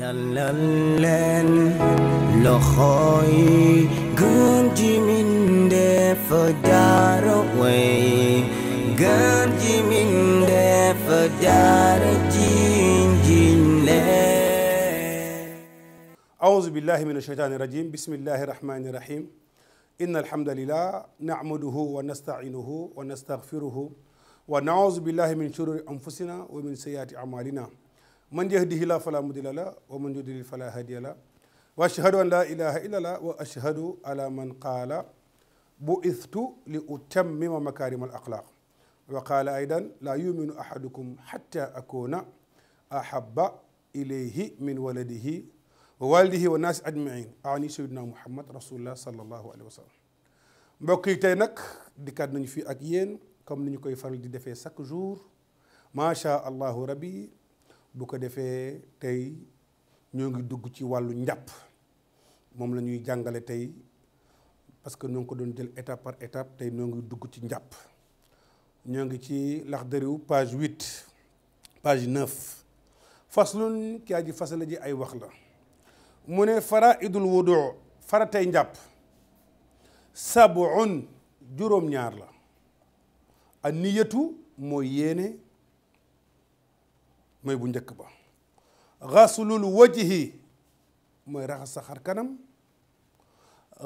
tàllal leen loxo yi gën ji mindeef jaara wey gën ji mindeef jaara jinjin leen أعوذ بالله من الشيطان الرجيم بسم الله الرحمن الرحيم إن الحمد لله نعمده ونستعينه ونستغفره ونعوذ بالله من شرور أنفسنا ومن سيئات أعمالنا man yahdihi laa falaa mudilla la wa man yudlil falaa hadiya la wa ashhadu an laa ilaha illa la wa ashhadu ala man qaala bu'ithtu li utammima makarim al axlaq wa qaala aydan laa yuminu ahadukum xatta akuna ahaba ilayhi min waladihi wa walidihi wa naasi ajmain ani sayyidina muhammad rasulullah sallallahu alayhi wa sallam mbokk yi tey nag dikkaat nañu fii ak yéen comme ni ñu koy faral di defee chaque jour macha allahu rabbi bu ko defee tey ñoo ngi dugg ci wàllu njàpp moom la ñuy jàngale tey parce que ñoo ngi ko doon jël étape par étape tey ñoo ngi dugg ci njàpp ñoo ngi ci lax Laxdariyu page huit page neuf faslun ki a ji ji ay wax la mu ne faraidul wudu fara tey njàpp sabun juróom-ñaar la a niyatu mooy yéene mooy bu njëkk ba xaslul wajhi mooy raxas sa xar kanam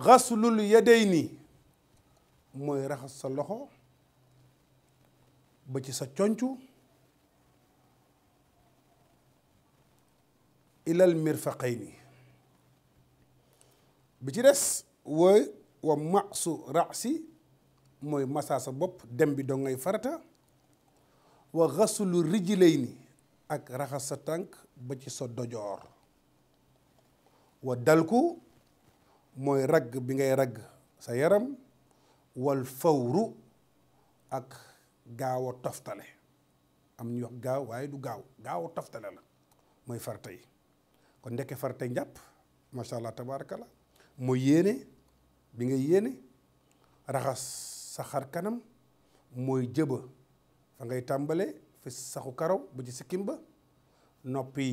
xaslul yadayni mooy raxas sa loxo ba ci sa conc ilal mirfaqayni bi ci des wooy wa maxsu raasi mooy masaa sa bopp dem bi doo ngay farata wa xasulu rijlayni ak raxas sa tànk ba ci sa dojoor wa dalku mooy ragg bi ngay ragg sa yaram wal fawru ak gaaw toftale am ñu wax gaaw waaye du gaaw gaaw toftale la mooy farta yi kon ndekke farta njàpp macha allah tabarakallah mooy yéene bi ngay yéene raxas sa xar kanam mooy jëba fa ngay tàmbale fi saxu karaw bu ci sikkim ba nopp yi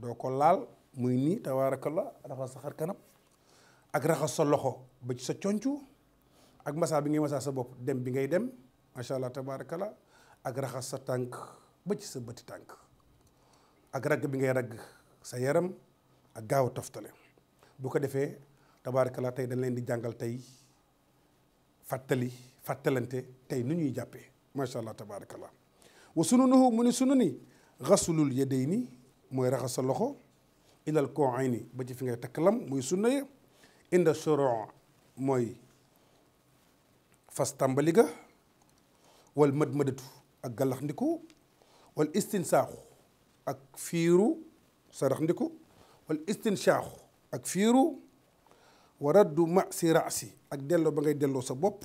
doo ko laal muy nii tabaarakallah raxas sa xar kanam ak raxas sa loxo ba ci sa conc ak masaa bi ngay masaa sa bopp dem bi ngay dem macha allah tabaarakallah ak raxas sa tànk ba ci sa bëti tànk ak ragg bi ngay ragg sa yaram ak gaaw toftale bu ko defee tabaarakallah tey dañ leen di jàngal tey fàttali fàttalante tey nu ñuy jàppee macha allah tabaarakallah wa sunu sununuhu mu ni sununi xasulul yadayni mooy raxas sa loxo ilal koayni ba ci fi ngay takk lam mooy sunna ya inda shoro mooy fas tàmbali ga wal mad-madatu ak gàllax ndiku wal istinsaaxu ak fiiru sarax ndiku wal ak fiiru wa raddu ma si raasi ak delloo ba ngay delloo sa bopp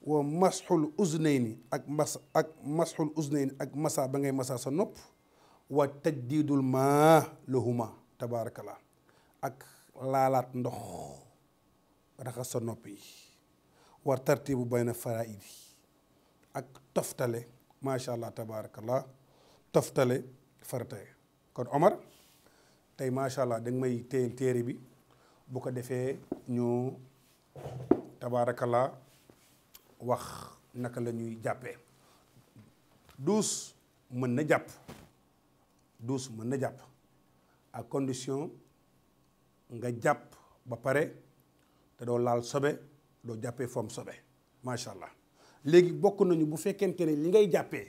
wa masxul uznayni ak mas ak masxul ba ngay masa sa nopp wa tajdiidul maa lahuma tabaarakallah ak laalaat ndox raxas sa nopp yi wa tartibu bayna faraid yi ak toftale macha allah tabaarakallah toftale faratay kon Omar tey macha allah danga may téyel téere bi bu ko defee ñu tabaarakallah wax naka la ñuy jàppee douze mën na jàpp douze mën na jàpp ak condition nga jàpp ba pare te doo laal sobe doo jàppee foom sobe macha allah léegi bokk nañu bu fekkente ne li ngay jàppee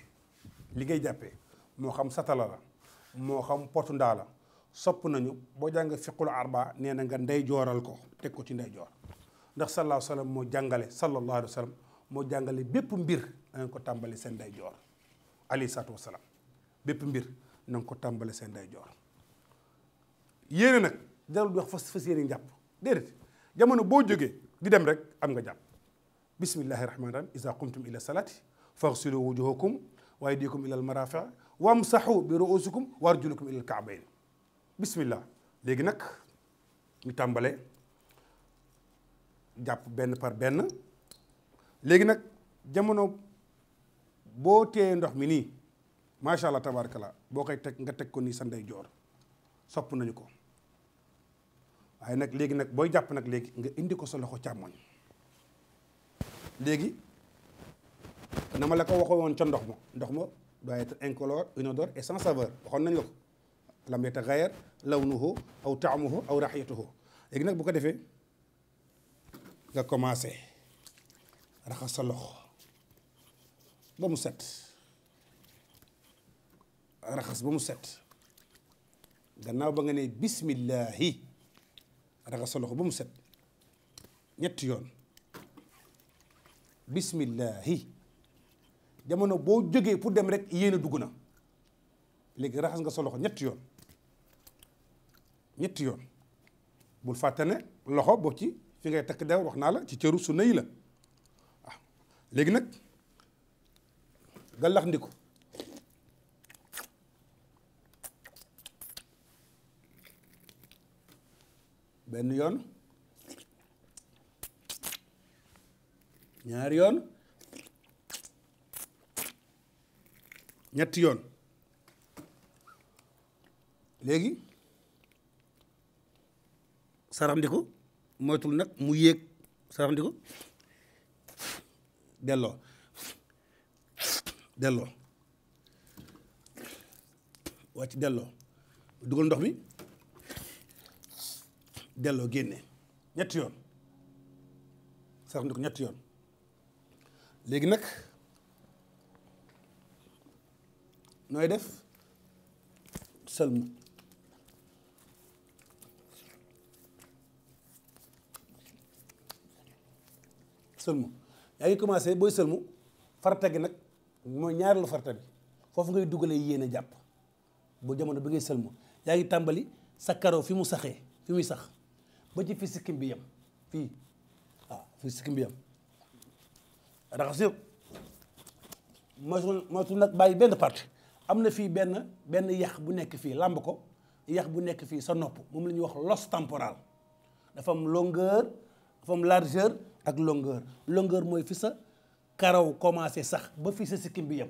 li ngay jàppee moo xam satala la moo xam potu ndaa la sopp nañu boo jàng fiqul arba nee na nga ndeyjooral ko teg ko ci ndey joor ndax sallallahu alayhi wa moo jàngale sallallahu alayhi wa moo jàngale bépp mbir na nga ko tàmbali seen day joor alayhi salaatu wasalaam bépp mbir na nga ko tàmbali seen day joor yéene nag jarul di wax fas fas yéene njàpp déedéet jamono boo jógee di dem rek am nga jàpp bismillahi rahmaani rahim iza qumtum ila salati faghsilu wujuhakum wa aydiyakum ila al marafiq wamsahu bi ruusikum wa arjulakum ila al kaabayn bismillah léegi nag ñu tàmbale jàpp benn par benn léegi nag jamono boo téye ndox mi nii macha allah tabaarkalla boo koy teg nga teg ko nii sa ndeyjoor sopp nañu ko waaye nag léegi nag booy jàpp nag léegi nga indi ko sa loxo càmmoñ léegi na ma la ko waxoon ca ndox ma ndox ma doit être incolore inodore et sans saveur waxoon nañ la ko lam yataghayyar lawnuhu aw taamuhu aw raxiyatuhu léegi nag bu ko defee nga commencé raxas sa loxo ba mu set raxas ba mu set gannaaw ba nga ne bismillahi raxas sa loxo ba mu set ñetti yoon bismillahi jamono boo jógee pour dem rek yéen dugg na léegi raxas nga sa loxo ñetti yoon ñetti yoon bul fàttane loxo boo ci fi ngay takk der wax naa la ci cëru sunna yi la léegi nag nga ndiku benn yoon ñaari yoon ñetti yoon léegi sarax ndiku moytul nag mu yéeg sarax ndiku delloo delloo wàcc delloo dugal ndox mi delloo génne ñetti yoon sarax ndi ko ñetti yoon léegi nag nooy def sëlmu sëlmu yaa ngi commencé booy sëlmu farata gi nag mooy ñaareelu farata bi foofu ngay dugalee yéene jàpp bu jamono bi ngay sëlmu yaa ngi tàmbali sa karaw fi mu saxee fi muy sax ba fi sikkim bi yem fii waaw fi sikkim bi yem raxas yëpp mosul mosul nag bàyyi benn parti am na fii benn benn yax bu nekk fii làmb ko yax bu nekk fii sa nopp moom la ñuy wax los temporal dafa am longueur dafa am largeur ak longeur longeur mooy fi sa karaw commencé sax ba fi sa sikkim bi yem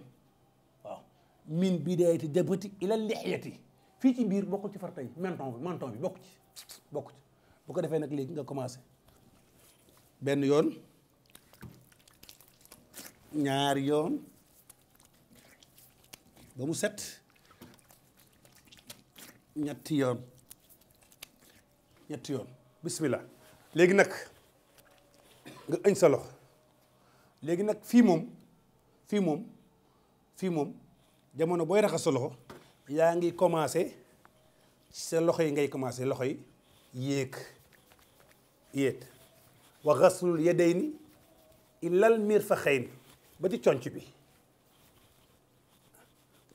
waaw min bi dayati jabati ila lixyati fii ci biir bokk ci far tey menton bi menton bi bokku ci bokku ci bu ko defee nag léegi nga commencé benn yoon ñaari yoon ba mu set ñetti yoon ñetti yoon bismillah léegi nag nga ëñ sa loxo léegi nag fii moom fii moom fii moom jamono booy raxas sa loxo yaa ngi commencé sa loxo yi ngay commencé loxo yi yéeg yéeg wa xaslul yadayni ilal mirfaqayn ba ci conc bi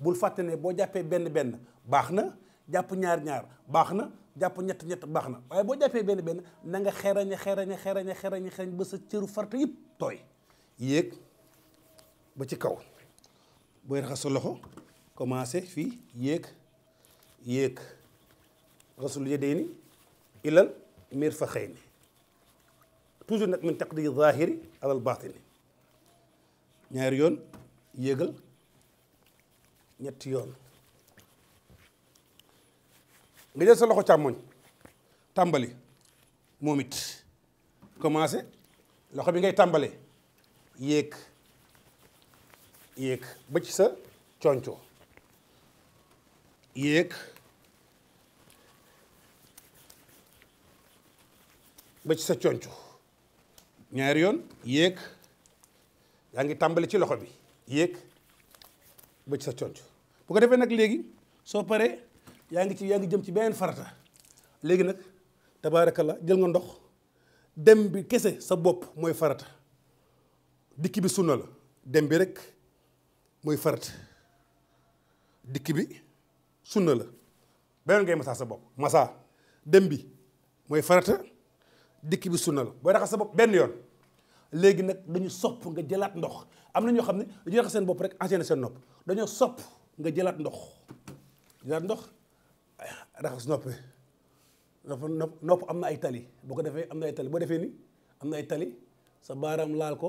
bul fàtte boo jàppee benn benn baax na jàpp ñaar ñaar baax na jàpp ñett ñett baax na waaye boo jàppee benn benn na nga xerañe xerañe xerañe xerañe xerañ ba sa cëru farta yëpp tooy yéeg ba ci kaw booy raxas sa loxo commencé fii yéeg yéeg rasul yadayni ilal mirfaqayni toujours nag min taqdiri zahiri alal batini ñaari yoon yéegal ñetti yoon nga jël sa loxo càmmoñ tàmbali moom it commencé loxo bi ngay tàmbale yéek yéek ba sa conco yéek ba sa conco ñaari yoon yéek yaa ngi tàmbali ci loxo bi yéek ba sa conco bu defee nag léegi soo paree yaa ngi ci yaa ngi jëm ci beneen farata léegi nag la jël nga ndox dem bi kese sa bopp mooy farata dikk bi sunna la dem bi rek mooy farata dikk bi sunna la beneen ngay masaa sa bopp masaa dem bi mooy farata dikk bi sunna la booy raxas sa bopp benn yoon léegi nag dañu sopp nga jëlaat ndox am na ñoo xam ne dañuy raxas seen bopp rek enchaîné seen nopp dañoo sopp nga jëlaat ndox jëlaat ndox raxas noppi dafa nopp am na ay tali boo ko defee am na ay tali boo defee ni am na ay tali sa baaram laal ko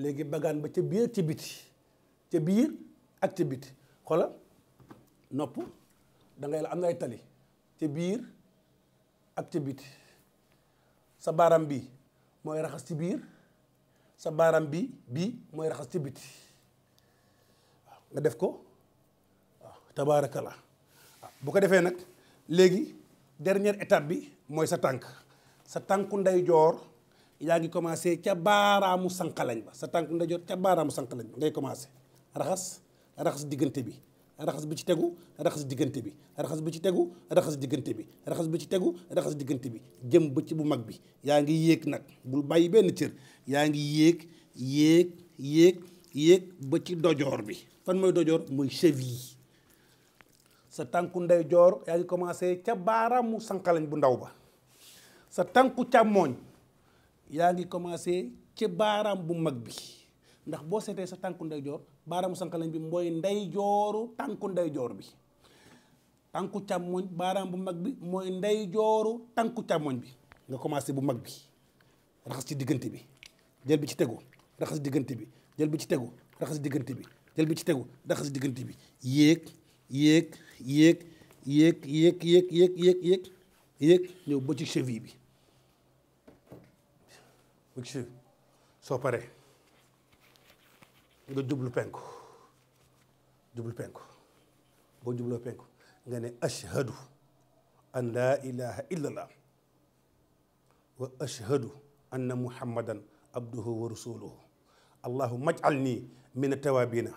léegi bagaan ba ca biir ci biti ca biir ak ca biti nopp da am ay tali ca biir ak ca biti sa baaraam bii mooy raxas ci biir sa baaram bii bii mooy raxas ci biti waaw nga def ko waaw tabaarakallah bu ko defee nag léegi dernière étape bi mooy sa tànk sa tànku ndeyjoor yaa ngi commencé ca baaraamu sànqalañ ba sa tànku ndeyjoor ca baaraamu sànqalañ ba ngay commencé raxas raxas diggante bi raxas bi ci tegu raxas diggante bi raxas bi ci tegu raxas diggante bi raxas bi ci tegu raxas diggante bi jëm bëcc bu mag bi yaa ngi yéeg nag bul bàyyi benn cër yaa ngi yéeg yéeg yéeg yéeg ba ci dojoor bi fan mooy dojoor mooy cheville sa tànku ndeyjoor yaa ngi commencé ca baaraamu sànqalañ bu ndaw ba sa tànku càmmooñ yaa ngi commencé ca baaraam bu mag bi ndax boo seetee sa tànku ndeyjoor baaraamu sànqalañ bi mooy ndeyjooru tànku ndeyjoor bi tànku càmmooñ baaraam bu mag bi mooy ndeyjooru tànku càmmooñ bi nga commencé bu mag bi raxas ci diggante bi jël bi ci tegu raxas diggante bi jël bi ci tegu raxas diggante bi jël bi ci tegu raxas diggante bi yéeg yéeg yéeg yéeg yéeg yéeg yéeg yéeg yéeg yéeg ñëw ba ci cheville bi ba ci soo paree nga jublu penku jublu penku boo jubloo penku nga ne ashhadu an laa ilaha illa allah wa ashhadu anna muhammadan abduhu wa rasuluhu allahumma aj'alni min at-tawabina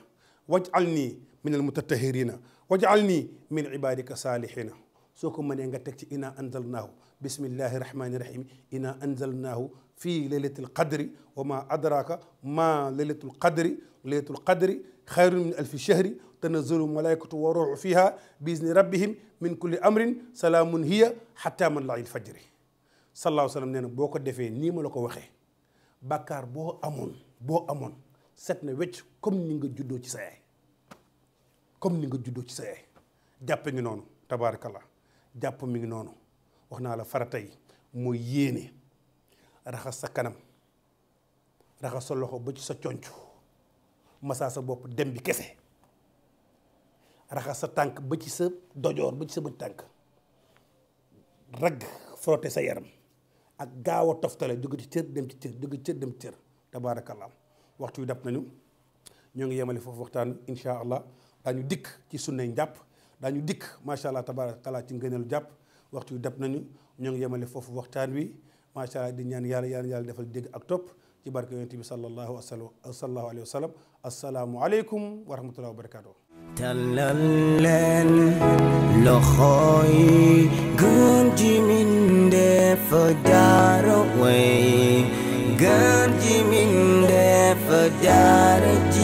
wajal nii min al mutatahirina wajal nii min ibadika saalihina soo ko mënee nga teg ci ina anzalnaahu bismillahi rahmani rahim ina anzalnaahu fii laylatil qadri wa ma adraka ma laylatul qadri laylatul qadri xayrun min alfi shahri tanazzulu malaikatu wa ruuxu fiha bi izni rabbihim min kulli amrin salaamun hiya xatta man laayil fajri sallallahu alayhi wa sallam nee na boo ko defee nii ma la ko waxee bàkkaar boo amoon boo amoon set na wecc comme ni nga juddoo ci sa yaay comme ni nga juddoo ci sa yaay jàpp ngi noonu tabaarakallah jàpp mi ngi noonu wax naa la farata yi mooy yéene raxas sa kanam raxas sa loxo ba ci sa conc masaa sa bopp dem bi kese raxas sa tànk ba ci sa dojoor ba ci sa bëj tànk ragg frotte sa yaram ak gaawa a toftale jóge dem ci cër jóge ci cër dem ci cër tabaarakallah waxtu yu dab nañu ñoo ngi yemale foofu waxtaan insha allah daañu dikk ci sunnay njàpp daañu dikk macha allah tabarakallah ci ngëneelu jàpp waxtu yu dab nañu ñoo ngi yemale foofu waxtaan wi macha allah di ñaan yàlla yàlla yàlla defal dégg ak topp ci barke yonent bi sallallahu alayhi wa sallam